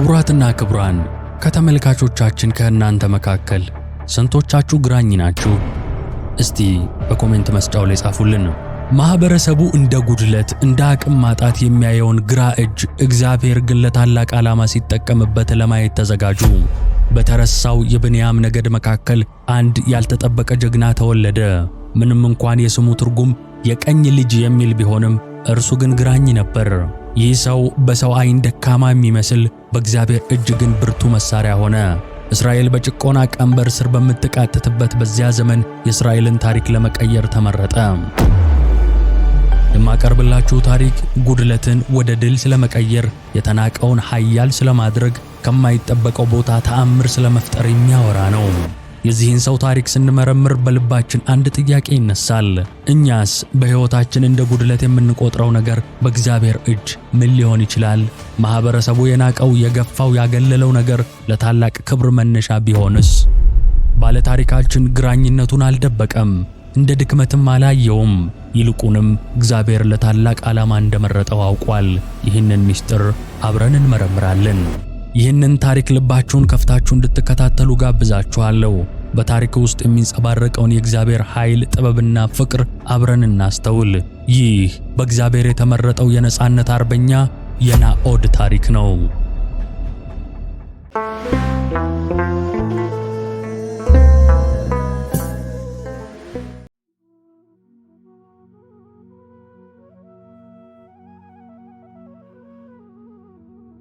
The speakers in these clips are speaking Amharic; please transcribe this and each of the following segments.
ክቡራትና ክቡራን ከተመልካቾቻችን ከእናንተ መካከል ስንቶቻችሁ ግራኝ ናችሁ? እስቲ በኮሜንት መስጫው ላይ ጻፉልን። ማህበረሰቡ እንደ ጉድለት፣ እንደ አቅም ማጣት የሚያየውን ግራ እጅ እግዚአብሔር ግን ለታላቅ ዓላማ ሲጠቀምበት ለማየት ተዘጋጁ። በተረሳው የብንያም ነገድ መካከል አንድ ያልተጠበቀ ጀግና ተወለደ። ምንም እንኳን የስሙ ትርጉም የቀኝ ልጅ የሚል ቢሆንም እርሱ ግን ግራኝ ነበር። ይህ ሰው በሰው ዓይን ደካማ የሚመስል በእግዚአብሔር እጅ ግን ብርቱ መሣሪያ ሆነ። እስራኤል በጭቆና ቀንበር ስር በምትቃትትበት በዚያ ዘመን የእስራኤልን ታሪክ ለመቀየር ተመረጠ። የማቀርብላችሁ ታሪክ ጉድለትን ወደ ድል ስለመቀየር፣ የተናቀውን ኃያል ስለማድረግ፣ ከማይጠበቀው ቦታ ተአምር ስለመፍጠር የሚያወራ ነው። የዚህን ሰው ታሪክ ስንመረምር በልባችን አንድ ጥያቄ ይነሳል። እኛስ በሕይወታችን እንደ ጉድለት የምንቆጥረው ነገር በእግዚአብሔር እጅ ምን ሊሆን ይችላል? ማኅበረሰቡ የናቀው፣ የገፋው፣ ያገለለው ነገር ለታላቅ ክብር መነሻ ቢሆንስ? ባለታሪካችን ግራኝነቱን አልደበቀም፣ እንደ ድክመትም አላየውም። ይልቁንም እግዚአብሔር ለታላቅ ዓላማ እንደመረጠው አውቋል። ይህንን ምስጢር አብረን እንመረምራለን። ይህንን ታሪክ ልባችሁን ከፍታችሁ እንድትከታተሉ ጋብዛችኋለሁ። በታሪክ ውስጥ የሚንጸባረቀውን የእግዚአብሔር ኃይል፣ ጥበብና ፍቅር አብረን እናስተውል። ይህ በእግዚአብሔር የተመረጠው የነጻነት አርበኛ የናኦድ ታሪክ ነው።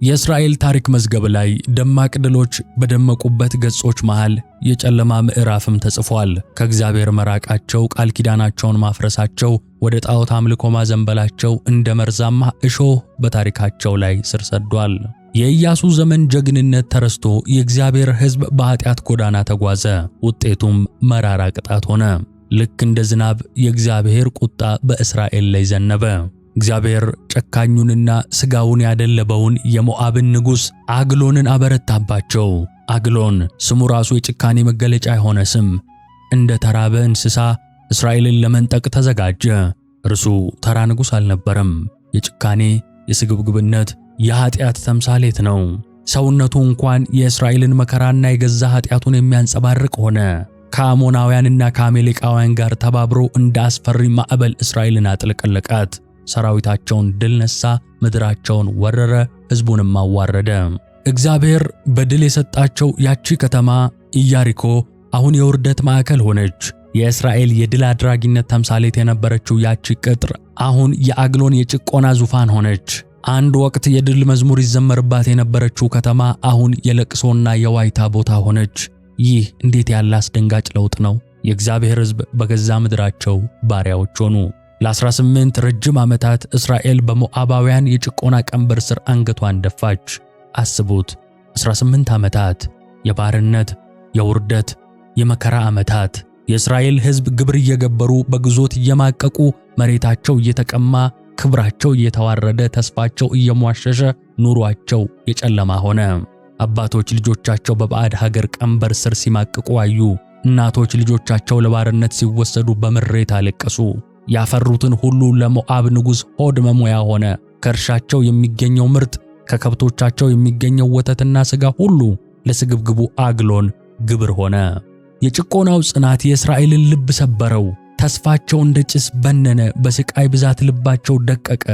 የእስራኤል ታሪክ መዝገብ ላይ ደማቅ ድሎች በደመቁበት ገጾች መሃል የጨለማ ምዕራፍም ተጽፏል። ከእግዚአብሔር መራቃቸው፣ ቃል ኪዳናቸውን ማፍረሳቸው፣ ወደ ጣዖት አምልኮ ማዘንበላቸው እንደ መርዛማ እሾህ በታሪካቸው ላይ ስር ሰዷል። የኢያሱ ዘመን ጀግንነት ተረስቶ የእግዚአብሔር ሕዝብ በኃጢአት ጎዳና ተጓዘ። ውጤቱም መራራ ቅጣት ሆነ። ልክ እንደ ዝናብ የእግዚአብሔር ቁጣ በእስራኤል ላይ ዘነበ። እግዚአብሔር ጨካኙንና ሥጋውን ያደለበውን የሞዓብን ንጉሥ አግሎንን አበረታባቸው። አግሎን ስሙ ራሱ የጭካኔ መገለጫ የሆነ ስም፣ እንደ ተራበ እንስሳ እስራኤልን ለመንጠቅ ተዘጋጀ። እርሱ ተራ ንጉሥ አልነበረም። የጭካኔ የስግብግብነት፣ የኃጢአት ተምሳሌት ነው። ሰውነቱ እንኳን የእስራኤልን መከራና የገዛ ኃጢአቱን የሚያንጸባርቅ ሆነ። ከአሞናውያንና ከአሜሌቃውያን ጋር ተባብሮ እንደ አስፈሪ ማዕበል እስራኤልን አጥለቀለቃት። ሰራዊታቸውን ድል ነሳ፣ ምድራቸውን ወረረ፣ ሕዝቡንም አዋረደ። እግዚአብሔር በድል የሰጣቸው ያቺ ከተማ ኢያሪኮ አሁን የውርደት ማዕከል ሆነች። የእስራኤል የድል አድራጊነት ተምሳሌት የነበረችው ያቺ ቅጥር አሁን የአግሎን የጭቆና ዙፋን ሆነች። አንድ ወቅት የድል መዝሙር ይዘመርባት የነበረችው ከተማ አሁን የለቅሶና የዋይታ ቦታ ሆነች። ይህ እንዴት ያለ አስደንጋጭ ለውጥ ነው! የእግዚአብሔር ሕዝብ በገዛ ምድራቸው ባሪያዎች ሆኑ። ለ18 ረጅም ዓመታት እስራኤል በሞዓባውያን የጭቆና ቀንበር ስር አንገቷን ደፋች። አስቡት፣ 18 ዓመታት የባርነት፣ የውርደት፣ የመከራ ዓመታት። የእስራኤል ሕዝብ ግብር እየገበሩ በግዞት እየማቀቁ መሬታቸው እየተቀማ ክብራቸው እየተዋረደ ተስፋቸው እየሟሸሸ ኑሯቸው የጨለማ ሆነ። አባቶች ልጆቻቸው በባዕድ ሀገር ቀንበር ስር ሲማቅቁ አዩ። እናቶች ልጆቻቸው ለባርነት ሲወሰዱ በምሬት አለቀሱ። ያፈሩትን ሁሉ ለሞዓብ ንጉሥ ሆድ መሞያ ሆነ። ከእርሻቸው የሚገኘው ምርት፣ ከከብቶቻቸው የሚገኘው ወተትና ሥጋ ሁሉ ለስግብግቡ አግሎን ግብር ሆነ። የጭቆናው ጽናት የእስራኤልን ልብ ሰበረው። ተስፋቸው እንደ ጭስ በነነ፣ በሥቃይ ብዛት ልባቸው ደቀቀ።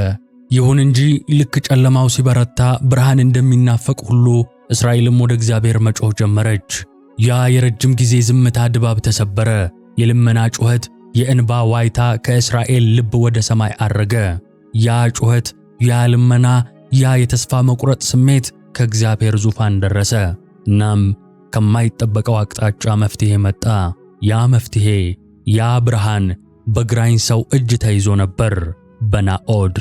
ይሁን እንጂ ልክ ጨለማው ሲበረታ ብርሃን እንደሚናፈቅ ሁሉ እስራኤልም ወደ እግዚአብሔር መጮህ ጀመረች። ያ የረጅም ጊዜ ዝምታ ድባብ ተሰበረ። የልመና ጩኸት የእንባ ዋይታ ከእስራኤል ልብ ወደ ሰማይ አረገ። ያ ጩኸት፣ ያ ልመና፣ ያ የተስፋ መቁረጥ ስሜት ከእግዚአብሔር ዙፋን ደረሰ። እናም ከማይጠበቀው አቅጣጫ መፍትሔ መጣ። ያ መፍትሔ፣ ያ ብርሃን በግራኝ ሰው እጅ ተይዞ ነበር፣ በናኦድ።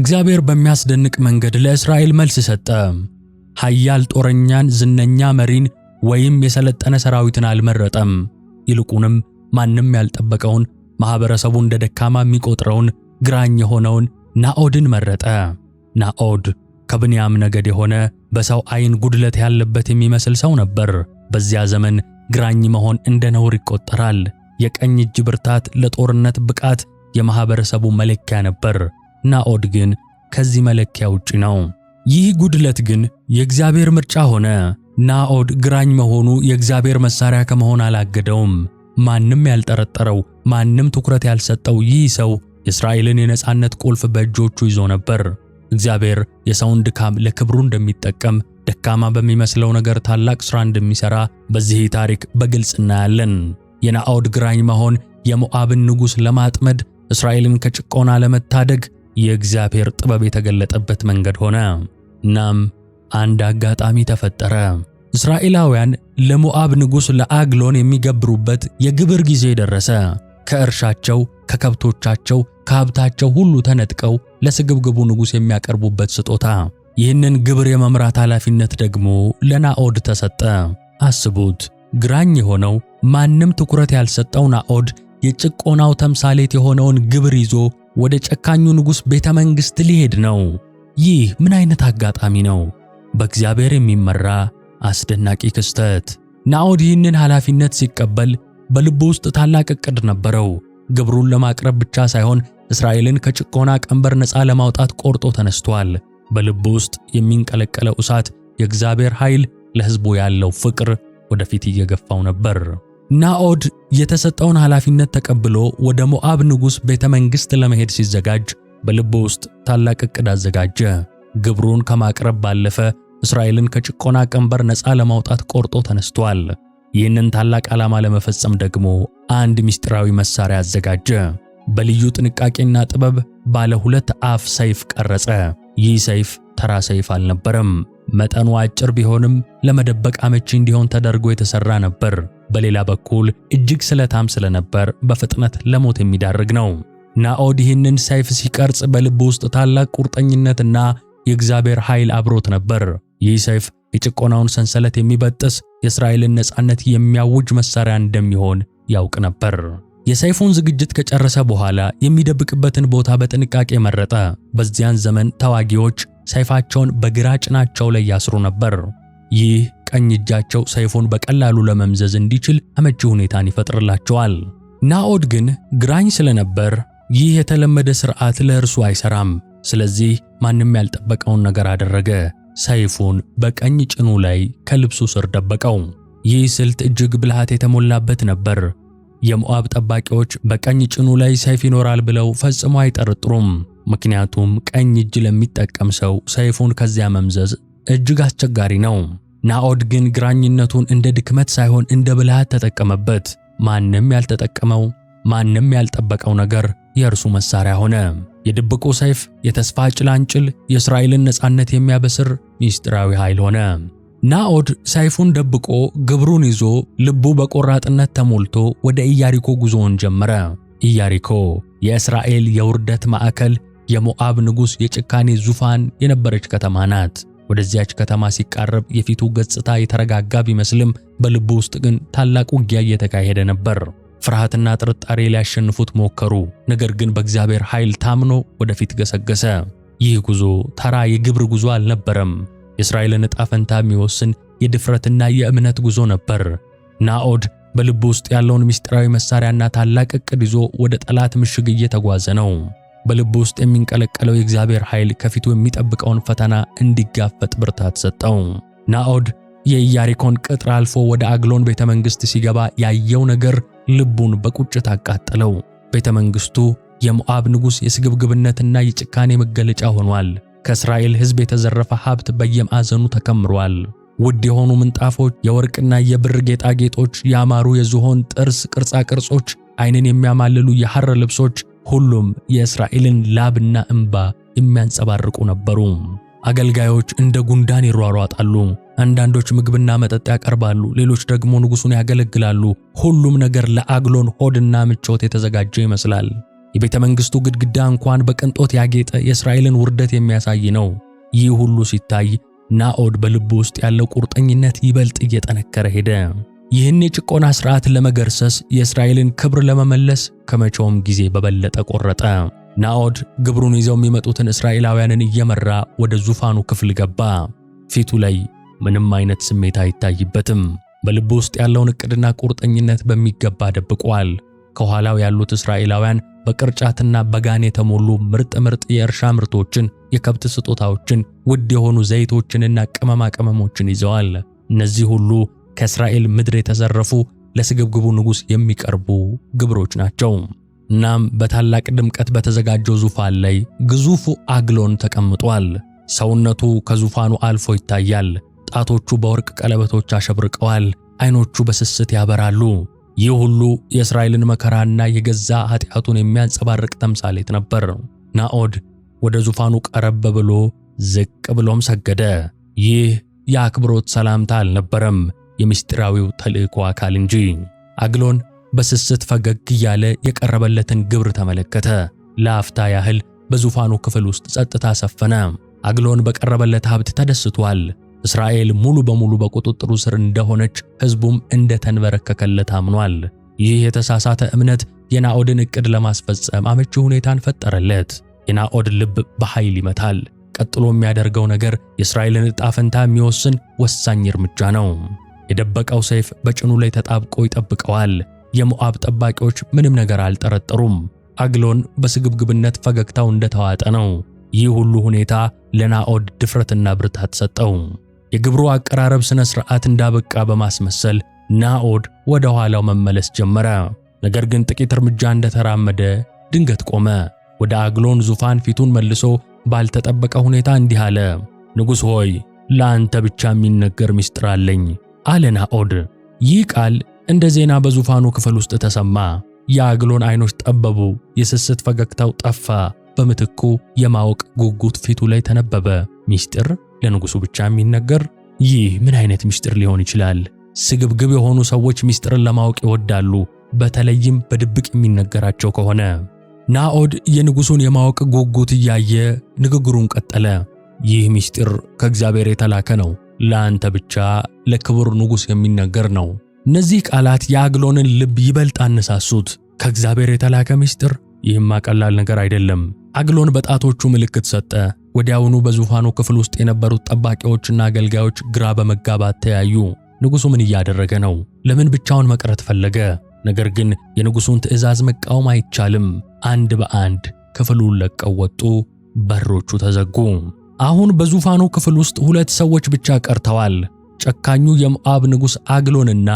እግዚአብሔር በሚያስደንቅ መንገድ ለእስራኤል መልስ ሰጠ። ኃያል ጦረኛን፣ ዝነኛ መሪን ወይም የሰለጠነ ሰራዊትን አልመረጠም። ይልቁንም ማንም ያልጠበቀውን ማህበረሰቡ እንደ ደካማ የሚቆጥረውን ግራኝ የሆነውን ናኦድን መረጠ። ናኦድ ከብንያም ነገድ የሆነ በሰው ዓይን ጉድለት ያለበት የሚመስል ሰው ነበር። በዚያ ዘመን ግራኝ መሆን እንደ ነውር ይቆጠራል። የቀኝ እጅ ብርታት ለጦርነት ብቃት የማህበረሰቡ መለኪያ ነበር። ናኦድ ግን ከዚህ መለኪያ ውጪ ነው። ይህ ጉድለት ግን የእግዚአብሔር ምርጫ ሆነ። ናኦድ ግራኝ መሆኑ የእግዚአብሔር መሳሪያ ከመሆን አላገደውም። ማንም ያልጠረጠረው፣ ማንም ትኩረት ያልሰጠው ይህ ሰው የእስራኤልን የነጻነት ቁልፍ በእጆቹ ይዞ ነበር። እግዚአብሔር የሰውን ድካም ለክብሩ እንደሚጠቀም፣ ደካማ በሚመስለው ነገር ታላቅ ሥራ እንደሚሠራ በዚህ ታሪክ በግልጽ እናያለን። የናኦድ ግራኝ መሆን የሞዓብን ንጉሥ ለማጥመድ እስራኤልን ከጭቆና ለመታደግ የእግዚአብሔር ጥበብ የተገለጠበት መንገድ ሆነ። እናም አንድ አጋጣሚ ተፈጠረ። እስራኤላውያን ለሞዓብ ንጉሥ ለአግሎን የሚገብሩበት የግብር ጊዜ ደረሰ። ከእርሻቸው፣ ከከብቶቻቸው፣ ከሀብታቸው ሁሉ ተነጥቀው ለስግብግቡ ንጉሥ የሚያቀርቡበት ስጦታ። ይህንን ግብር የመምራት ኃላፊነት ደግሞ ለናኦድ ተሰጠ። አስቡት፣ ግራኝ የሆነው ማንም ትኩረት ያልሰጠው ናኦድ የጭቆናው ተምሳሌት የሆነውን ግብር ይዞ ወደ ጨካኙ ንጉሥ ቤተ መንግሥት ሊሄድ ነው። ይህ ምን አይነት አጋጣሚ ነው? በእግዚአብሔር የሚመራ አስደናቂ ክስተት። ናኦድ ይህንን ኃላፊነት ሲቀበል በልቡ ውስጥ ታላቅ እቅድ ነበረው። ግብሩን ለማቅረብ ብቻ ሳይሆን እስራኤልን ከጭቆና ቀንበር ነፃ ለማውጣት ቆርጦ ተነስቷል። በልቡ ውስጥ የሚንቀለቀለው እሳት፣ የእግዚአብሔር ኃይል፣ ለሕዝቡ ያለው ፍቅር ወደፊት እየገፋው ነበር። ናዖድ የተሰጠውን ኃላፊነት ተቀብሎ ወደ ሞዓብ ንጉሥ ቤተ መንግሥት ለመሄድ ሲዘጋጅ በልቡ ውስጥ ታላቅ እቅድ አዘጋጀ። ግብሩን ከማቅረብ ባለፈ እስራኤልን ከጭቆና ቀንበር ነፃ ለማውጣት ቆርጦ ተነስቷል። ይህንን ታላቅ ዓላማ ለመፈጸም ደግሞ አንድ ምስጢራዊ መሳሪያ አዘጋጀ። በልዩ ጥንቃቄና ጥበብ ባለ ሁለት አፍ ሰይፍ ቀረጸ። ይህ ሰይፍ ተራ ሰይፍ አልነበረም። መጠኑ አጭር ቢሆንም ለመደበቅ አመቺ እንዲሆን ተደርጎ የተሰራ ነበር። በሌላ በኩል እጅግ ስለታም ስለነበር በፍጥነት ለሞት የሚዳርግ ነው። ናኦድ ይህንን ሰይፍ ሲቀርጽ በልብ ውስጥ ታላቅ ቁርጠኝነትና የእግዚአብሔር ኃይል አብሮት ነበር። ይህ ሰይፍ የጭቆናውን ሰንሰለት የሚበጥስ የእስራኤልን ነፃነት የሚያውጅ መሳሪያ እንደሚሆን ያውቅ ነበር። የሰይፉን ዝግጅት ከጨረሰ በኋላ የሚደብቅበትን ቦታ በጥንቃቄ መረጠ። በዚያን ዘመን ተዋጊዎች ሰይፋቸውን በግራ ጭናቸው ላይ ያስሩ ነበር። ይህ ቀኝ እጃቸው ሰይፉን በቀላሉ ለመምዘዝ እንዲችል አመቺ ሁኔታን ይፈጥርላቸዋል። ናኦድ ግን ግራኝ ስለነበር ይህ የተለመደ ስርዓት ለእርሱ አይሰራም። ስለዚህ ማንም ያልጠበቀውን ነገር አደረገ። ሰይፉን በቀኝ ጭኑ ላይ ከልብሱ ስር ደበቀው። ይህ ስልት እጅግ ብልሃት የተሞላበት ነበር። የሞዓብ ጠባቂዎች በቀኝ ጭኑ ላይ ሰይፍ ይኖራል ብለው ፈጽሞ አይጠረጥሩም። ምክንያቱም ቀኝ እጅ ለሚጠቀም ሰው ሰይፉን ከዚያ መምዘዝ እጅግ አስቸጋሪ ነው። ናኦድ ግን ግራኝነቱን እንደ ድክመት ሳይሆን እንደ ብልሃት ተጠቀመበት። ማንም ያልተጠቀመው ማንም ያልጠበቀው ነገር የእርሱ መሳሪያ ሆነ። የድብቁ ሰይፍ፣ የተስፋ ጭላንጭል የእስራኤልን ነፃነት የሚያበስር ምስጢራዊ ኃይል ሆነ። ናኦድ ሰይፉን ደብቆ ግብሩን ይዞ ልቡ በቆራጥነት ተሞልቶ ወደ ኢያሪኮ ጉዞውን ጀመረ። ኢያሪኮ የእስራኤል የውርደት ማዕከል፣ የሞዓብ ንጉሥ የጭካኔ ዙፋን የነበረች ከተማ ናት። ወደዚያች ከተማ ሲቃረብ የፊቱ ገጽታ የተረጋጋ ቢመስልም በልቡ ውስጥ ግን ታላቅ ውጊያ እየተካሄደ ነበር። ፍርሃትና ጥርጣሬ ሊያሸንፉት ሞከሩ። ነገር ግን በእግዚአብሔር ኃይል ታምኖ ወደፊት ገሰገሰ። ይህ ጉዞ ተራ የግብር ጉዞ አልነበረም። የእስራኤልን ዕጣ ፈንታ የሚወስን የድፍረትና የእምነት ጉዞ ነበር። ናዖድ በልቡ ውስጥ ያለውን ምስጢራዊ መሳሪያና ታላቅ ዕቅድ ይዞ ወደ ጠላት ምሽግ እየተጓዘ ነው። በልብ ውስጥ የሚንቀለቀለው የእግዚአብሔር ኃይል ከፊቱ የሚጠብቀውን ፈተና እንዲጋፈጥ ብርታት ሰጠው። ናኦድ የኢያሪኮን ቅጥር አልፎ ወደ አግሎን ቤተ መንግሥት ሲገባ ያየው ነገር ልቡን በቁጭት አቃጠለው። ቤተ መንግሥቱ የሞዓብ ንጉሥ የስግብግብነትና የጭካኔ መገለጫ ሆኗል። ከእስራኤል ሕዝብ የተዘረፈ ሀብት በየማዕዘኑ ተከምሯል። ውድ የሆኑ ምንጣፎች፣ የወርቅና የብር ጌጣጌጦች፣ ያማሩ የዝሆን ጥርስ ቅርጻቅርጾች፣ ዓይንን የሚያማልሉ የሐር ልብሶች፣ ሁሉም የእስራኤልን ላብና እንባ የሚያንጸባርቁ ነበሩ። አገልጋዮች እንደ ጉንዳን ይሯሯጣሉ። አንዳንዶች ምግብና መጠጥ ያቀርባሉ፣ ሌሎች ደግሞ ንጉሱን ያገለግላሉ። ሁሉም ነገር ለአግሎን ሆድና ምቾት የተዘጋጀ ይመስላል። የቤተ መንግሥቱ ግድግዳ እንኳን በቅንጦት ያጌጠ የእስራኤልን ውርደት የሚያሳይ ነው። ይህ ሁሉ ሲታይ ናኦድ በልቡ ውስጥ ያለው ቁርጠኝነት ይበልጥ እየጠነከረ ሄደ። ይህን የጭቆና ሥርዓት ለመገርሰስ የእስራኤልን ክብር ለመመለስ ከመቼውም ጊዜ በበለጠ ቆረጠ። ናዖድ ግብሩን ይዘው የሚመጡትን እስራኤላውያንን እየመራ ወደ ዙፋኑ ክፍል ገባ። ፊቱ ላይ ምንም አይነት ስሜት አይታይበትም። በልቡ ውስጥ ያለውን እቅድና ቁርጠኝነት በሚገባ ደብቋል። ከኋላው ያሉት እስራኤላውያን በቅርጫትና በጋን የተሞሉ ምርጥ ምርጥ የእርሻ ምርቶችን፣ የከብት ስጦታዎችን፣ ውድ የሆኑ ዘይቶችንና ቅመማ ቅመሞችን ይዘዋል። እነዚህ ሁሉ ከእስራኤል ምድር የተዘረፉ ለስግብግቡ ንጉሥ የሚቀርቡ ግብሮች ናቸው። እናም በታላቅ ድምቀት በተዘጋጀው ዙፋን ላይ ግዙፉ አግሎን ተቀምጧል። ሰውነቱ ከዙፋኑ አልፎ ይታያል። ጣቶቹ በወርቅ ቀለበቶች አሸብርቀዋል። ዓይኖቹ በስስት ያበራሉ። ይህ ሁሉ የእስራኤልን መከራና የገዛ ኃጢአቱን የሚያንጸባርቅ ተምሳሌት ነበር። ናኦድ ወደ ዙፋኑ ቀረብ ብሎ ዝቅ ብሎም ሰገደ። ይህ የአክብሮት ሰላምታ አልነበረም፣ የምስጢራዊው ተልእኮ አካል እንጂ። አግሎን በስስት ፈገግ እያለ የቀረበለትን ግብር ተመለከተ። ለአፍታ ያህል በዙፋኑ ክፍል ውስጥ ጸጥታ ሰፈነ። አግሎን በቀረበለት ሀብት ተደስቷል። እስራኤል ሙሉ በሙሉ በቁጥጥሩ ስር እንደሆነች፣ ሕዝቡም እንደተንበረከከለት አምኗል። ይህ የተሳሳተ እምነት የናኦድን ዕቅድ ለማስፈጸም አመቺ ሁኔታን ፈጠረለት። የናኦድ ልብ በኃይል ይመታል። ቀጥሎ የሚያደርገው ነገር የእስራኤልን ዕጣ ፈንታ የሚወስን ወሳኝ እርምጃ ነው። የደበቀው ሰይፍ በጭኑ ላይ ተጣብቆ ይጠብቀዋል። የሞዓብ ጠባቂዎች ምንም ነገር አልጠረጠሩም። አግሎን በስግብግብነት ፈገግታው እንደተዋጠ ነው። ይህ ሁሉ ሁኔታ ለናኦድ ድፍረትና ብርታት ሰጠው። የግብሩ አቀራረብ ሥነ ሥርዓት እንዳበቃ በማስመሰል ናኦድ ወደ ኋላው መመለስ ጀመረ። ነገር ግን ጥቂት እርምጃ እንደተራመደ ድንገት ቆመ። ወደ አግሎን ዙፋን ፊቱን መልሶ ባልተጠበቀ ሁኔታ እንዲህ አለ። ንጉሥ ሆይ ለአንተ ብቻ የሚነገር ምስጢር አለኝ አለ ናኦድ። ይህ ቃል እንደ ዜና በዙፋኑ ክፍል ውስጥ ተሰማ። የአግሎን አይኖች ጠበቡ፣ የስስት ፈገግታው ጠፋ። በምትኩ የማወቅ ጉጉት ፊቱ ላይ ተነበበ። ሚስጢር ለንጉሱ ብቻ የሚነገር ይህ ምን አይነት ሚስጢር ሊሆን ይችላል? ስግብግብ የሆኑ ሰዎች ሚስጢርን ለማወቅ ይወዳሉ፣ በተለይም በድብቅ የሚነገራቸው ከሆነ። ናኦድ የንጉሱን የማወቅ ጉጉት እያየ ንግግሩን ቀጠለ። ይህ ሚስጢር ከእግዚአብሔር የተላከ ነው፣ ለአንተ ብቻ ለክቡር ንጉስ የሚነገር ነው። እነዚህ ቃላት የአግሎንን ልብ ይበልጥ አነሳሱት። ከእግዚአብሔር የተላከ ምስጢር፣ ይህማ ቀላል ነገር አይደለም። አግሎን በጣቶቹ ምልክት ሰጠ። ወዲያውኑ በዙፋኑ ክፍል ውስጥ የነበሩት ጠባቂዎችና አገልጋዮች ግራ በመጋባት ተያዩ። ንጉሡ ምን እያደረገ ነው? ለምን ብቻውን መቅረት ፈለገ? ነገር ግን የንጉሡን ትእዛዝ መቃወም አይቻልም። አንድ በአንድ ክፍሉን ለቀው ወጡ። በሮቹ ተዘጉ። አሁን በዙፋኑ ክፍል ውስጥ ሁለት ሰዎች ብቻ ቀርተዋል፤ ጨካኙ የሞዓብ ንጉሥ አግሎንና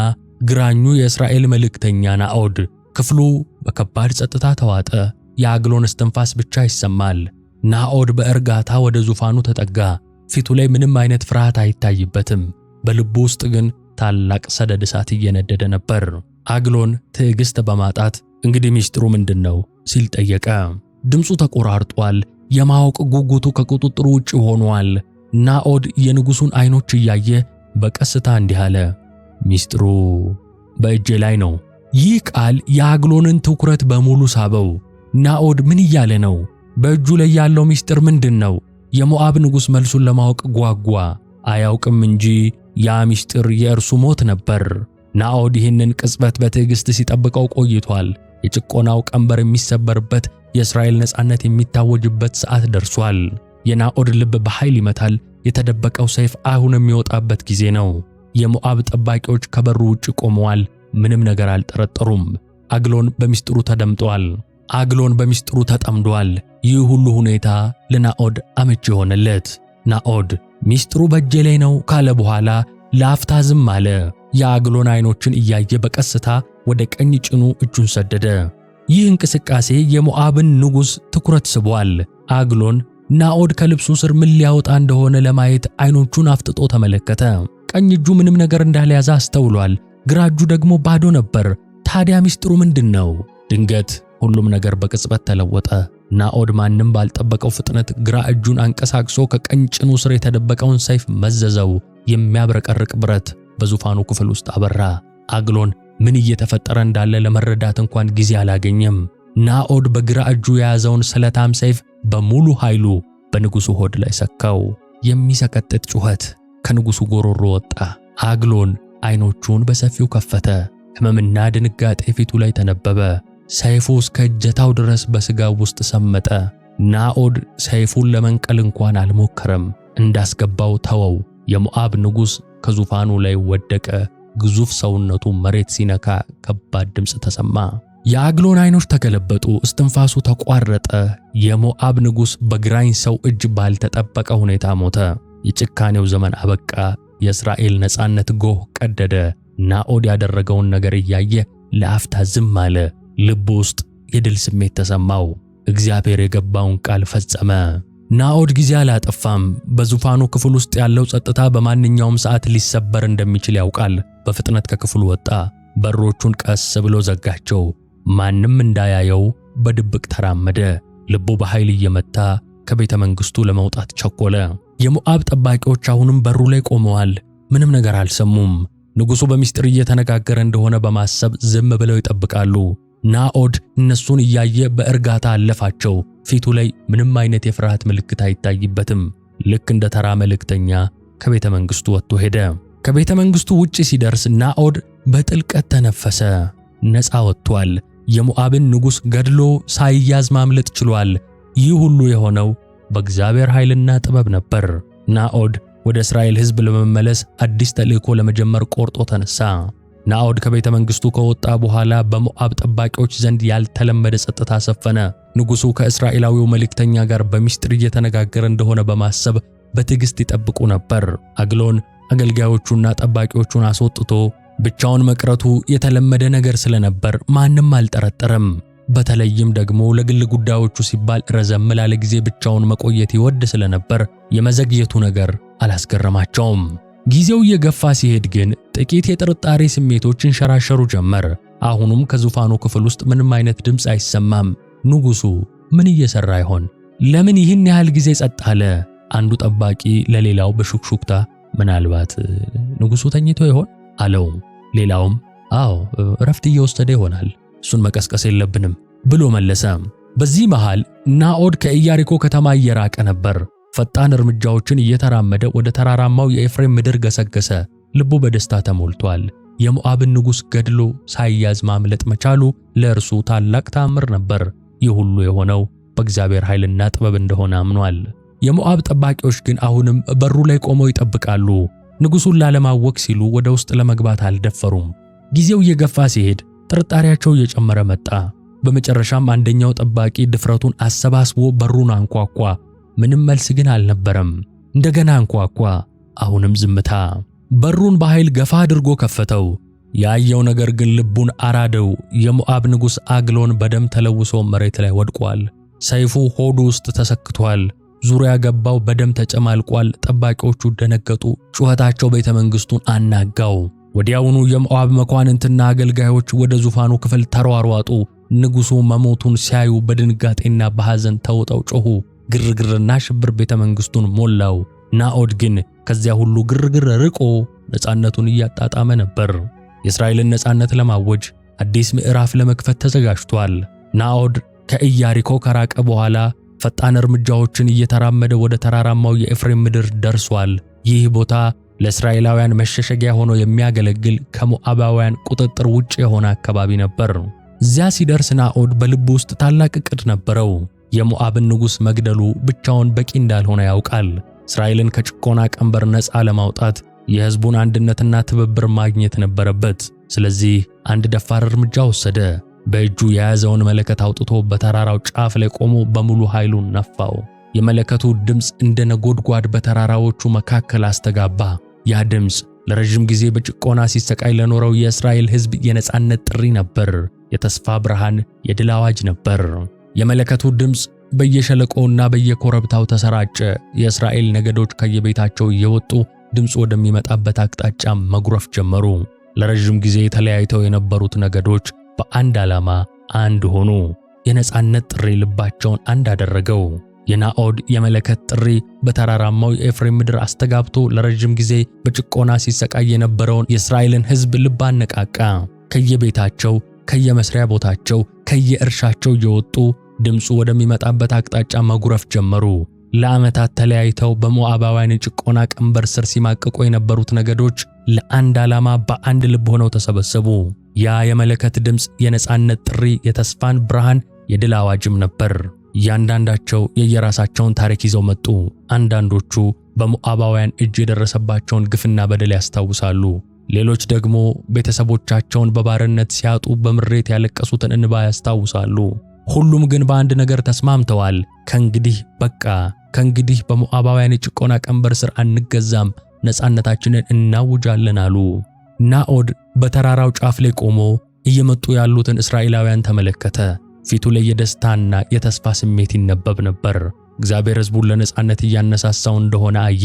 ግራኙ የእስራኤል መልእክተኛ ናዖድ። ክፍሉ በከባድ ጸጥታ ተዋጠ። የአግሎን እስትንፋስ ብቻ ይሰማል። ናዖድ በእርጋታ ወደ ዙፋኑ ተጠጋ። ፊቱ ላይ ምንም አይነት ፍርሃት አይታይበትም። በልቡ ውስጥ ግን ታላቅ ሰደድ እሳት እየነደደ ነበር። አግሎን ትዕግሥት በማጣት እንግዲህ ሚስጥሩ ምንድን ነው ሲል ጠየቀ። ድምፁ ተቆራርጧል። የማወቅ ጉጉቱ ከቁጥጥሩ ውጭ ሆኗል። ናዖድ የንጉሡን አይኖች እያየ በቀስታ እንዲህ አለ፦ ሚስጥሩ በእጄ ላይ ነው። ይህ ቃል የአግሎንን ትኩረት በሙሉ ሳበው። ናኦድ ምን እያለ ነው? በእጁ ላይ ያለው ሚስጥር ምንድን ነው? የሞዓብ ንጉሥ መልሱን ለማወቅ ጓጓ። አያውቅም እንጂ ያ ሚስጥር የእርሱ ሞት ነበር። ናኦድ ይህንን ቅጽበት በትዕግሥት ሲጠብቀው ቆይቷል። የጭቆናው ቀንበር የሚሰበርበት፣ የእስራኤል ነፃነት የሚታወጅበት ሰዓት ደርሷል። የናኦድ ልብ በኃይል ይመታል። የተደበቀው ሰይፍ አሁን የሚወጣበት ጊዜ ነው። የሞዓብ ጠባቂዎች ከበሩ ውጭ ቆመዋል። ምንም ነገር አልጠረጠሩም። አግሎን በሚስጥሩ ተደምጧል። አግሎን በሚስጥሩ ተጠምዷል። ይህ ሁሉ ሁኔታ ለናኦድ አመች የሆነለት። ናኦድ ሚስጥሩ በእጄ ላይ ነው ካለ በኋላ ለአፍታ ዝም አለ። የአግሎን አይኖችን እያየ በቀስታ ወደ ቀኝ ጭኑ እጁን ሰደደ። ይህ እንቅስቃሴ የሞዓብን ንጉሥ ትኩረት ስቧል። አግሎን ናኦድ ከልብሱ ስር ምን ሊያወጣ እንደሆነ ለማየት አይኖቹን አፍጥጦ ተመለከተ። ቀኝ እጁ ምንም ነገር እንዳልያዘ አስተውሏል። ግራ እጁ ደግሞ ባዶ ነበር። ታዲያ ሚስጥሩ ምንድን ነው? ድንገት ሁሉም ነገር በቅጽበት ተለወጠ። ናኦድ ማንም ባልጠበቀው ፍጥነት ግራ እጁን አንቀሳቅሶ ከቀኝ ጭኑ ስር የተደበቀውን ሰይፍ መዘዘው። የሚያብረቀርቅ ብረት በዙፋኑ ክፍል ውስጥ አበራ። አግሎን ምን እየተፈጠረ እንዳለ ለመረዳት እንኳን ጊዜ አላገኘም። ናኦድ በግራ እጁ የያዘውን ስለታም ሰይፍ በሙሉ ኃይሉ በንጉሡ ሆድ ላይ ሰካው። የሚሰቀጥጥ ጩኸት ከንጉሡ ጎሮሮ ወጣ። አግሎን አይኖቹን በሰፊው ከፈተ። ሕመምና ድንጋጤ ፊቱ ላይ ተነበበ። ሰይፉ እስከ እጀታው ድረስ በሥጋው ውስጥ ሰመጠ። ናኦድ ሰይፉን ለመንቀል እንኳን አልሞከረም። እንዳስገባው ተወው። የሞዓብ ንጉሥ ከዙፋኑ ላይ ወደቀ። ግዙፍ ሰውነቱ መሬት ሲነካ ከባድ ድምፅ ተሰማ። የአግሎን አይኖች ተገለበጡ፣ እስትንፋሱ ተቋረጠ። የሞዓብ ንጉሥ በግራኝ ሰው እጅ ባልተጠበቀ ሁኔታ ሞተ። የጭካኔው ዘመን አበቃ። የእስራኤል ነፃነት ጎህ ቀደደ። ናኦድ ያደረገውን ነገር እያየ ለአፍታ ዝም አለ። ልብ ውስጥ የድል ስሜት ተሰማው። እግዚአብሔር የገባውን ቃል ፈጸመ። ናኦድ ጊዜ አላጠፋም። በዙፋኑ ክፍል ውስጥ ያለው ጸጥታ በማንኛውም ሰዓት ሊሰበር እንደሚችል ያውቃል። በፍጥነት ከክፍሉ ወጣ። በሮቹን ቀስ ብሎ ዘጋቸው። ማንም እንዳያየው በድብቅ ተራመደ። ልቡ በኃይል እየመታ ከቤተ መንግሥቱ ለመውጣት ቸኮለ። የሞዓብ ጠባቂዎች አሁንም በሩ ላይ ቆመዋል። ምንም ነገር አልሰሙም። ንጉሡ በምስጢር እየተነጋገረ እንደሆነ በማሰብ ዝም ብለው ይጠብቃሉ። ናኦድ እነሱን እያየ በእርጋታ አለፋቸው። ፊቱ ላይ ምንም አይነት የፍርሃት ምልክት አይታይበትም። ልክ እንደ ተራ መልእክተኛ ከቤተ መንግሥቱ ወጥቶ ሄደ። ከቤተ መንግሥቱ ውጭ ሲደርስ ናኦድ በጥልቀት ተነፈሰ። ነፃ ወጥቷል። የሞዓብን ንጉሥ ገድሎ ሳይያዝ ማምለጥ ችሏል። ይህ ሁሉ የሆነው በእግዚአብሔር ኃይልና ጥበብ ነበር። ናኦድ ወደ እስራኤል ሕዝብ ለመመለስ አዲስ ተልእኮ ለመጀመር ቆርጦ ተነሳ። ናኦድ ከቤተ መንግሥቱ ከወጣ በኋላ በሞዓብ ጠባቂዎች ዘንድ ያልተለመደ ጸጥታ ሰፈነ። ንጉሡ ከእስራኤላዊው መልእክተኛ ጋር በምስጢር እየተነጋገረ እንደሆነ በማሰብ በትዕግሥት ይጠብቁ ነበር። አግሎን አገልጋዮቹና ጠባቂዎቹን አስወጥቶ ብቻውን መቅረቱ የተለመደ ነገር ስለነበር ማንም አልጠረጠረም። በተለይም ደግሞ ለግል ጉዳዮቹ ሲባል ረዘም ላለ ጊዜ ብቻውን መቆየት ይወድ ስለነበር የመዘግየቱ ነገር አላስገረማቸውም። ጊዜው እየገፋ ሲሄድ ግን ጥቂት የጥርጣሬ ስሜቶች እንሸራሸሩ ጀመር። አሁኑም ከዙፋኑ ክፍል ውስጥ ምንም አይነት ድምፅ አይሰማም። ንጉሡ ምን እየሰራ ይሆን? ለምን ይህን ያህል ጊዜ ጸጥ አለ? አንዱ ጠባቂ ለሌላው በሹክሹክታ ምናልባት ንጉሡ ተኝቶ ይሆን አለው። ሌላውም አዎ እረፍት እየወሰደ ይሆናል እሱን መቀስቀስ የለብንም ብሎ መለሰ። በዚህ መሃል ናኦድ ከኢያሪኮ ከተማ እየራቀ ነበር። ፈጣን እርምጃዎችን እየተራመደ ወደ ተራራማው የኤፍሬም ምድር ገሰገሰ። ልቡ በደስታ ተሞልቷል። የሞዓብን ንጉሥ ገድሎ ሳይያዝ ማምለጥ መቻሉ ለእርሱ ታላቅ ታምር ነበር። ይህ ሁሉ የሆነው በእግዚአብሔር ኃይልና ጥበብ እንደሆነ አምኗል። የሞዓብ ጠባቂዎች ግን አሁንም በሩ ላይ ቆመው ይጠብቃሉ። ንጉሡን ላለማወቅ ሲሉ ወደ ውስጥ ለመግባት አልደፈሩም። ጊዜው እየገፋ ሲሄድ ጥርጣሬያቸው እየጨመረ መጣ። በመጨረሻም አንደኛው ጠባቂ ድፍረቱን አሰባስቦ በሩን አንኳኳ። ምንም መልስ ግን አልነበረም። እንደገና አንኳኳ፣ አሁንም ዝምታ። በሩን በኃይል ገፋ አድርጎ ከፈተው። ያየው ነገር ግን ልቡን አራደው። የሞዓብ ንጉሥ አግሎን በደም ተለውሶ መሬት ላይ ወድቋል። ሰይፉ ሆዱ ውስጥ ተሰክቷል። ዙሪያ ገባው በደም ተጨማልቋል። ጠባቂዎቹ ደነገጡ። ጩኸታቸው ቤተ መንግሥቱን አናጋው። ወዲያውኑ የሞዓብ መኳንንትና አገልጋዮች ወደ ዙፋኑ ክፍል ተሯሯጡ። ንጉሡ መሞቱን ሲያዩ በድንጋጤና በሐዘን ተውጠው ጮኹ። ግርግርና ሽብር ቤተ መንግሥቱን ሞላው። ናኦድ ግን ከዚያ ሁሉ ግርግር ርቆ ነፃነቱን እያጣጣመ ነበር። የእስራኤልን ነፃነት ለማወጅ አዲስ ምዕራፍ ለመክፈት ተዘጋጅቷል። ናኦድ ከኢያሪኮ ከራቀ በኋላ ፈጣን እርምጃዎችን እየተራመደ ወደ ተራራማው የኤፍሬም ምድር ደርሷል። ይህ ቦታ ለእስራኤላውያን መሸሸጊያ ሆኖ የሚያገለግል ከሞዓባውያን ቁጥጥር ውጭ የሆነ አካባቢ ነበር። እዚያ ሲደርስ ናዖድ በልቡ ውስጥ ታላቅ እቅድ ነበረው። የሞዓብን ንጉሥ መግደሉ ብቻውን በቂ እንዳልሆነ ያውቃል። እስራኤልን ከጭቆና ቀንበር ነፃ ለማውጣት የሕዝቡን አንድነትና ትብብር ማግኘት ነበረበት። ስለዚህ አንድ ደፋር እርምጃ ወሰደ። በእጁ የያዘውን መለከት አውጥቶ በተራራው ጫፍ ላይ ቆሞ በሙሉ ኃይሉን ነፋው። የመለከቱ ድምፅ እንደ ነጎድጓድ በተራራዎቹ መካከል አስተጋባ። ያ ድምፅ ለረዥም ጊዜ በጭቆና ሲሰቃይ ለኖረው የእስራኤል ሕዝብ የነፃነት ጥሪ ነበር፣ የተስፋ ብርሃን፣ የድል አዋጅ ነበር። የመለከቱ ድምፅ በየሸለቆውና በየኮረብታው ተሰራጨ። የእስራኤል ነገዶች ከየቤታቸው እየወጡ ድምፅ ወደሚመጣበት አቅጣጫ መጉረፍ ጀመሩ። ለረዥም ጊዜ ተለያይተው የነበሩት ነገዶች በአንድ ዓላማ አንድ ሆኑ። የነፃነት ጥሪ ልባቸውን አንድ አደረገው። የናኦድ የመለከት ጥሪ በተራራማው የኤፍሬም ምድር አስተጋብቶ ለረጅም ጊዜ በጭቆና ሲሰቃይ የነበረውን የእስራኤልን ሕዝብ ልብ አነቃቃ። ከየቤታቸው፣ ከየመስሪያ ቦታቸው፣ ከየእርሻቸው እየወጡ ድምፁ ወደሚመጣበት አቅጣጫ መጉረፍ ጀመሩ። ለዓመታት ተለያይተው በሞዓባውያን የጭቆና ቀንበር ስር ሲማቅቁ የነበሩት ነገዶች ለአንድ ዓላማ በአንድ ልብ ሆነው ተሰበሰቡ። ያ የመለከት ድምፅ የነፃነት ጥሪ፣ የተስፋን ብርሃን፣ የድል አዋጅም ነበር። እያንዳንዳቸው የየራሳቸውን ታሪክ ይዘው መጡ። አንዳንዶቹ በሞዓባውያን እጅ የደረሰባቸውን ግፍና በደል ያስታውሳሉ። ሌሎች ደግሞ ቤተሰቦቻቸውን በባርነት ሲያጡ በምሬት ያለቀሱትን እንባ ያስታውሳሉ። ሁሉም ግን በአንድ ነገር ተስማምተዋል። ከእንግዲህ በቃ፣ ከእንግዲህ በሞዓባውያን የጭቆና ቀንበር ስር አንገዛም፣ ነፃነታችንን እናውጃለን አሉ። ናኦድ በተራራው ጫፍ ላይ ቆሞ እየመጡ ያሉትን እስራኤላውያን ተመለከተ። ፊቱ ላይ የደስታና የተስፋ ስሜት ይነበብ ነበር። እግዚአብሔር ሕዝቡን ለነጻነት እያነሳሳው እንደሆነ አየ።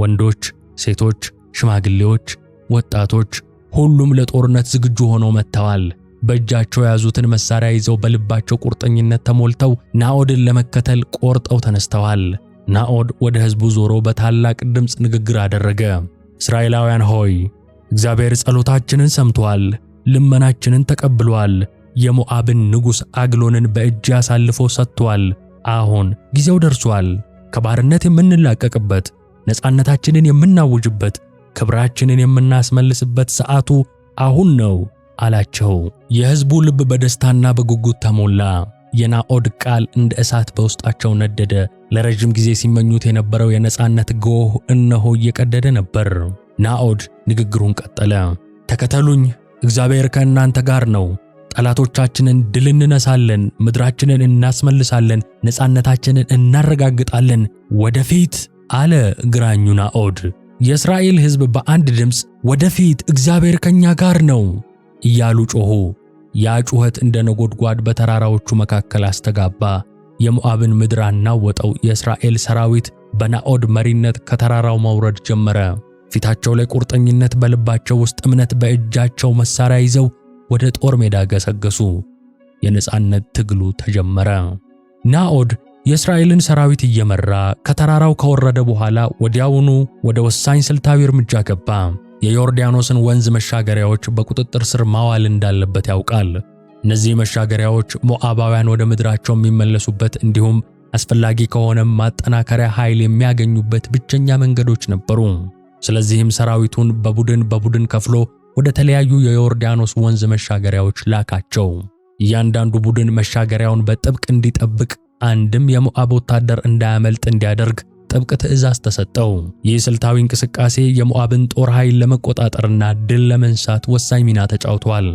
ወንዶች፣ ሴቶች፣ ሽማግሌዎች፣ ወጣቶች ሁሉም ለጦርነት ዝግጁ ሆነው መጥተዋል። በእጃቸው የያዙትን መሳሪያ ይዘው በልባቸው ቁርጠኝነት ተሞልተው ናኦድን ለመከተል ቆርጠው ተነስተዋል። ናኦድ ወደ ሕዝቡ ዞሮ በታላቅ ድምፅ ንግግር አደረገ። እስራኤላውያን ሆይ፣ እግዚአብሔር ጸሎታችንን ሰምቷል፣ ልመናችንን ተቀብሏል የሞዓብን ንጉሥ አግሎንን በእጅ አሳልፎ ሰጥቷል። አሁን ጊዜው ደርሷል። ከባርነት የምንላቀቅበት፣ ነፃነታችንን የምናውጅበት፣ ክብራችንን የምናስመልስበት ሰዓቱ አሁን ነው አላቸው። የሕዝቡ ልብ በደስታና በጉጉት ተሞላ። የናኦድ ቃል እንደ እሳት በውስጣቸው ነደደ። ለረጅም ጊዜ ሲመኙት የነበረው የነፃነት ጎህ እነሆ እየቀደደ ነበር። ናኦድ ንግግሩን ቀጠለ። ተከተሉኝ፣ እግዚአብሔር ከእናንተ ጋር ነው ጠላቶቻችንን ድል እንነሳለን፣ ምድራችንን እናስመልሳለን፣ ነፃነታችንን እናረጋግጣለን፣ ወደፊት አለ ግራኙ ናኦድ የእስራኤል ሕዝብ በአንድ ድምፅ ወደፊት እግዚአብሔር ከእኛ ጋር ነው እያሉ ጮኹ። ያ ጩኸት እንደ ነጎድጓድ በተራራዎቹ መካከል አስተጋባ። የሞዓብን ምድር አናወጠው። የእስራኤል ሰራዊት በናኦድ መሪነት ከተራራው መውረድ ጀመረ። ፊታቸው ላይ ቁርጠኝነት፣ በልባቸው ውስጥ እምነት፣ በእጃቸው መሣሪያ ይዘው ወደ ጦር ሜዳ ገሰገሱ። የነጻነት ትግሉ ተጀመረ። ናኦድ የእስራኤልን ሰራዊት እየመራ ከተራራው ከወረደ በኋላ ወዲያውኑ ወደ ወሳኝ ስልታዊ እርምጃ ገባ። የዮርዳኖስን ወንዝ መሻገሪያዎች በቁጥጥር ስር ማዋል እንዳለበት ያውቃል። እነዚህ መሻገሪያዎች ሞዓባውያን ወደ ምድራቸው የሚመለሱበት እንዲሁም አስፈላጊ ከሆነም ማጠናከሪያ ኃይል የሚያገኙበት ብቸኛ መንገዶች ነበሩ። ስለዚህም ሰራዊቱን በቡድን በቡድን ከፍሎ ወደ ተለያዩ የዮርዳኖስ ወንዝ መሻገሪያዎች ላካቸው። እያንዳንዱ ቡድን መሻገሪያውን በጥብቅ እንዲጠብቅ፣ አንድም የሞዓብ ወታደር እንዳያመልጥ እንዲያደርግ ጥብቅ ትዕዛዝ ተሰጠው። ይህ ስልታዊ እንቅስቃሴ የሞዓብን ጦር ኃይል ለመቆጣጠርና ድል ለመንሳት ወሳኝ ሚና ተጫውቷል።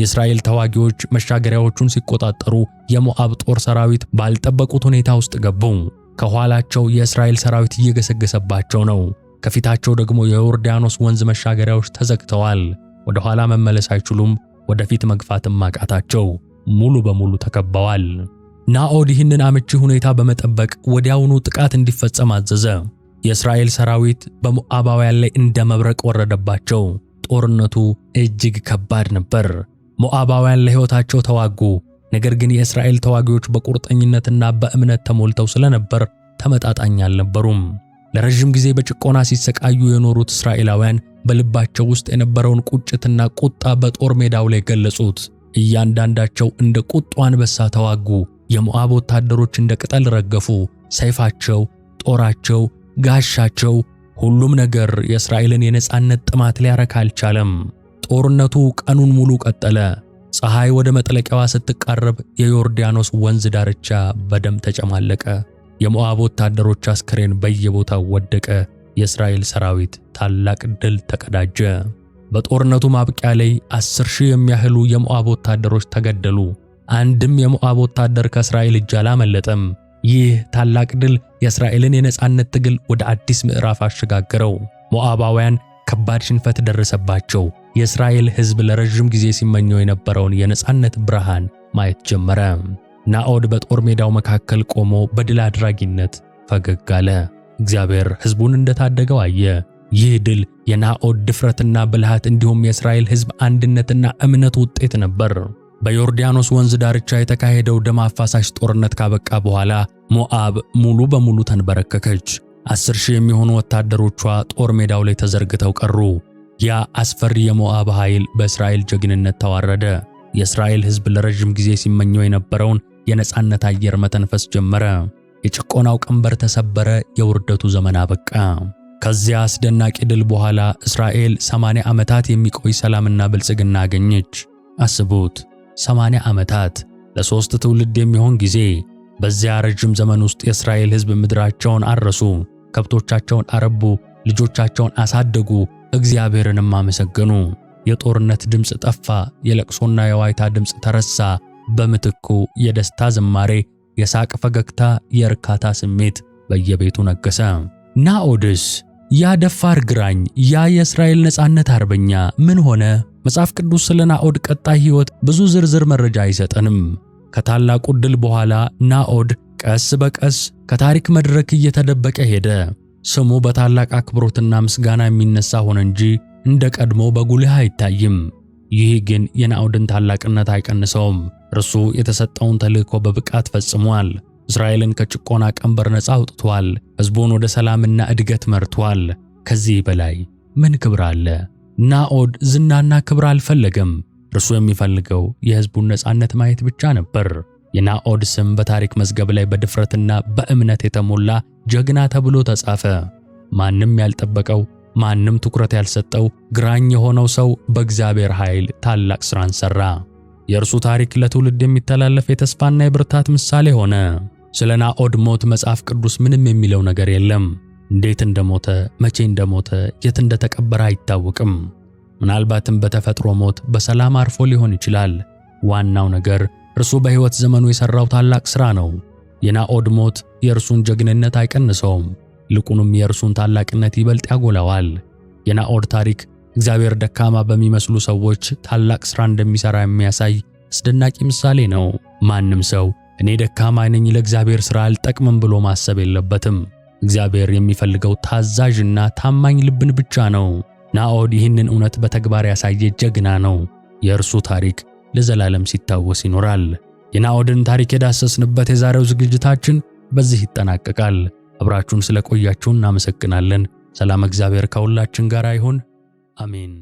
የእስራኤል ተዋጊዎች መሻገሪያዎቹን ሲቆጣጠሩ የሞዓብ ጦር ሰራዊት ባልጠበቁት ሁኔታ ውስጥ ገቡ። ከኋላቸው የእስራኤል ሰራዊት እየገሰገሰባቸው ነው። ከፊታቸው ደግሞ የዮርዳኖስ ወንዝ መሻገሪያዎች ተዘግተዋል። ወደ ኋላ መመለስ አይችሉም፣ ወደፊት መግፋትም አቃታቸው። ሙሉ በሙሉ ተከበዋል። ናኦድ ይህንን አመቺ ሁኔታ በመጠበቅ ወዲያውኑ ጥቃት እንዲፈጸም አዘዘ። የእስራኤል ሰራዊት በሞዓባውያን ላይ እንደ መብረቅ ወረደባቸው። ጦርነቱ እጅግ ከባድ ነበር። ሞዓባውያን ለሕይወታቸው ተዋጉ። ነገር ግን የእስራኤል ተዋጊዎች በቁርጠኝነትና በእምነት ተሞልተው ስለነበር ተመጣጣኝ አልነበሩም። ለረዥም ጊዜ በጭቆና ሲሰቃዩ የኖሩት እስራኤላውያን በልባቸው ውስጥ የነበረውን ቁጭትና ቁጣ በጦር ሜዳው ላይ ገለጹት። እያንዳንዳቸው እንደ ቁጡ አንበሳ ተዋጉ። የሞዓብ ወታደሮች እንደ ቅጠል ረገፉ። ሰይፋቸው፣ ጦራቸው፣ ጋሻቸው፣ ሁሉም ነገር የእስራኤልን የነፃነት ጥማት ሊያረካ አልቻለም። ጦርነቱ ቀኑን ሙሉ ቀጠለ። ፀሐይ ወደ መጥለቂያዋ ስትቃረብ የዮርዳኖስ ወንዝ ዳርቻ በደም ተጨማለቀ። የሞዓብ ወታደሮች አስከሬን በየቦታው ወደቀ። የእስራኤል ሰራዊት ታላቅ ድል ተቀዳጀ። በጦርነቱ ማብቂያ ላይ አስር ሺህ የሚያህሉ የሞዓብ ወታደሮች ተገደሉ። አንድም የሞዓብ ወታደር ከእስራኤል እጅ አላመለጠም። ይህ ታላቅ ድል የእስራኤልን የነፃነት ትግል ወደ አዲስ ምዕራፍ አሸጋገረው። ሞዓባውያን ከባድ ሽንፈት ደረሰባቸው። የእስራኤል ሕዝብ ለረዥም ጊዜ ሲመኘው የነበረውን የነፃነት ብርሃን ማየት ጀመረ። ናኦድ በጦር ሜዳው መካከል ቆሞ በድል አድራጊነት ፈገግ አለ። እግዚአብሔር ሕዝቡን እንደታደገው አየ። ይህ ድል የናኦድ ድፍረትና ብልሃት እንዲሁም የእስራኤል ሕዝብ አንድነትና እምነት ውጤት ነበር። በዮርዳኖስ ወንዝ ዳርቻ የተካሄደው ደም አፋሳሽ ጦርነት ካበቃ በኋላ ሞዓብ ሙሉ በሙሉ ተንበረከከች። አስር ሺህ የሚሆኑ ወታደሮቿ ጦር ሜዳው ላይ ተዘርግተው ቀሩ። ያ አስፈሪ የሞዓብ ኃይል በእስራኤል ጀግንነት ተዋረደ። የእስራኤል ሕዝብ ለረዥም ጊዜ ሲመኘው የነበረውን የነፃነት አየር መተንፈስ ጀመረ። የጭቆናው ቀንበር ተሰበረ፣ የውርደቱ ዘመን አበቃ። ከዚያ አስደናቂ ድል በኋላ እስራኤል 80 ዓመታት የሚቆይ ሰላምና ብልጽግና አገኘች። አስቡት፣ 80 ዓመታት ለሶስት ትውልድ የሚሆን ጊዜ። በዚያ ረዥም ዘመን ውስጥ የእስራኤል ሕዝብ ምድራቸውን አረሱ፣ ከብቶቻቸውን አረቡ፣ ልጆቻቸውን አሳደጉ፣ እግዚአብሔርንም አመሰገኑ። የጦርነት ድምፅ ጠፋ፣ የለቅሶና የዋይታ ድምፅ ተረሳ፣ በምትኩ የደስታ ዝማሬ፣ የሳቅ ፈገግታ፣ የእርካታ ስሜት በየቤቱ ነገሰ። ናኦድስ ያ ደፋር ግራኝ፣ ያ የእስራኤል ነፃነት አርበኛ ምን ሆነ? መጽሐፍ ቅዱስ ስለ ናኦድ ቀጣይ ሕይወት ብዙ ዝርዝር መረጃ አይሰጠንም። ከታላቁ ድል በኋላ ናኦድ ቀስ በቀስ ከታሪክ መድረክ እየተደበቀ ሄደ። ስሙ በታላቅ አክብሮትና ምስጋና የሚነሳ ሆነ እንጂ እንደ ቀድሞ በጉልህ አይታይም። ይህ ግን የናኦድን ታላቅነት አይቀንሰውም። እርሱ የተሰጠውን ተልእኮ በብቃት ፈጽሟል። እስራኤልን ከጭቆና ቀንበር ነፃ አውጥቷል። ሕዝቡን ወደ ሰላምና እድገት መርቷል። ከዚህ በላይ ምን ክብር አለ? ናኦድ ዝናና ክብር አልፈለገም። እርሱ የሚፈልገው የሕዝቡን ነፃነት ማየት ብቻ ነበር። የናኦድ ስም በታሪክ መዝገብ ላይ በድፍረትና በእምነት የተሞላ ጀግና ተብሎ ተጻፈ። ማንም ያልጠበቀው ማንም ትኩረት ያልሰጠው ግራኝ የሆነው ሰው በእግዚአብሔር ኃይል ታላቅ ሥራን ሠራ። የእርሱ ታሪክ ለትውልድ የሚተላለፍ የተስፋና የብርታት ምሳሌ ሆነ። ስለ ናኦድ ሞት መጽሐፍ ቅዱስ ምንም የሚለው ነገር የለም። እንዴት እንደሞተ፣ መቼ እንደሞተ፣ የት እንደተቀበረ አይታወቅም። ምናልባትም በተፈጥሮ ሞት በሰላም አርፎ ሊሆን ይችላል። ዋናው ነገር እርሱ በሕይወት ዘመኑ የሠራው ታላቅ ሥራ ነው። የናኦድ ሞት የእርሱን ጀግንነት አይቀንሰውም። ይልቁንም የእርሱን ታላቅነት ይበልጥ ያጎላዋል። የናዖድ ታሪክ እግዚአብሔር ደካማ በሚመስሉ ሰዎች ታላቅ ሥራ እንደሚሠራ የሚያሳይ አስደናቂ ምሳሌ ነው። ማንም ሰው እኔ ደካማ ነኝ፣ ለእግዚአብሔር ሥራ አልጠቅምም ብሎ ማሰብ የለበትም። እግዚአብሔር የሚፈልገው ታዛዥና ታማኝ ልብን ብቻ ነው። ናዖድ ይህንን እውነት በተግባር ያሳየ ጀግና ነው። የእርሱ ታሪክ ለዘላለም ሲታወስ ይኖራል። የናዖድን ታሪክ የዳሰስንበት የዛሬው ዝግጅታችን በዚህ ይጠናቀቃል። አብራችሁን ስለቆያችሁ እናመሰግናለን። ሰላም፣ እግዚአብሔር ከሁላችን ጋር ይሁን። አሜን።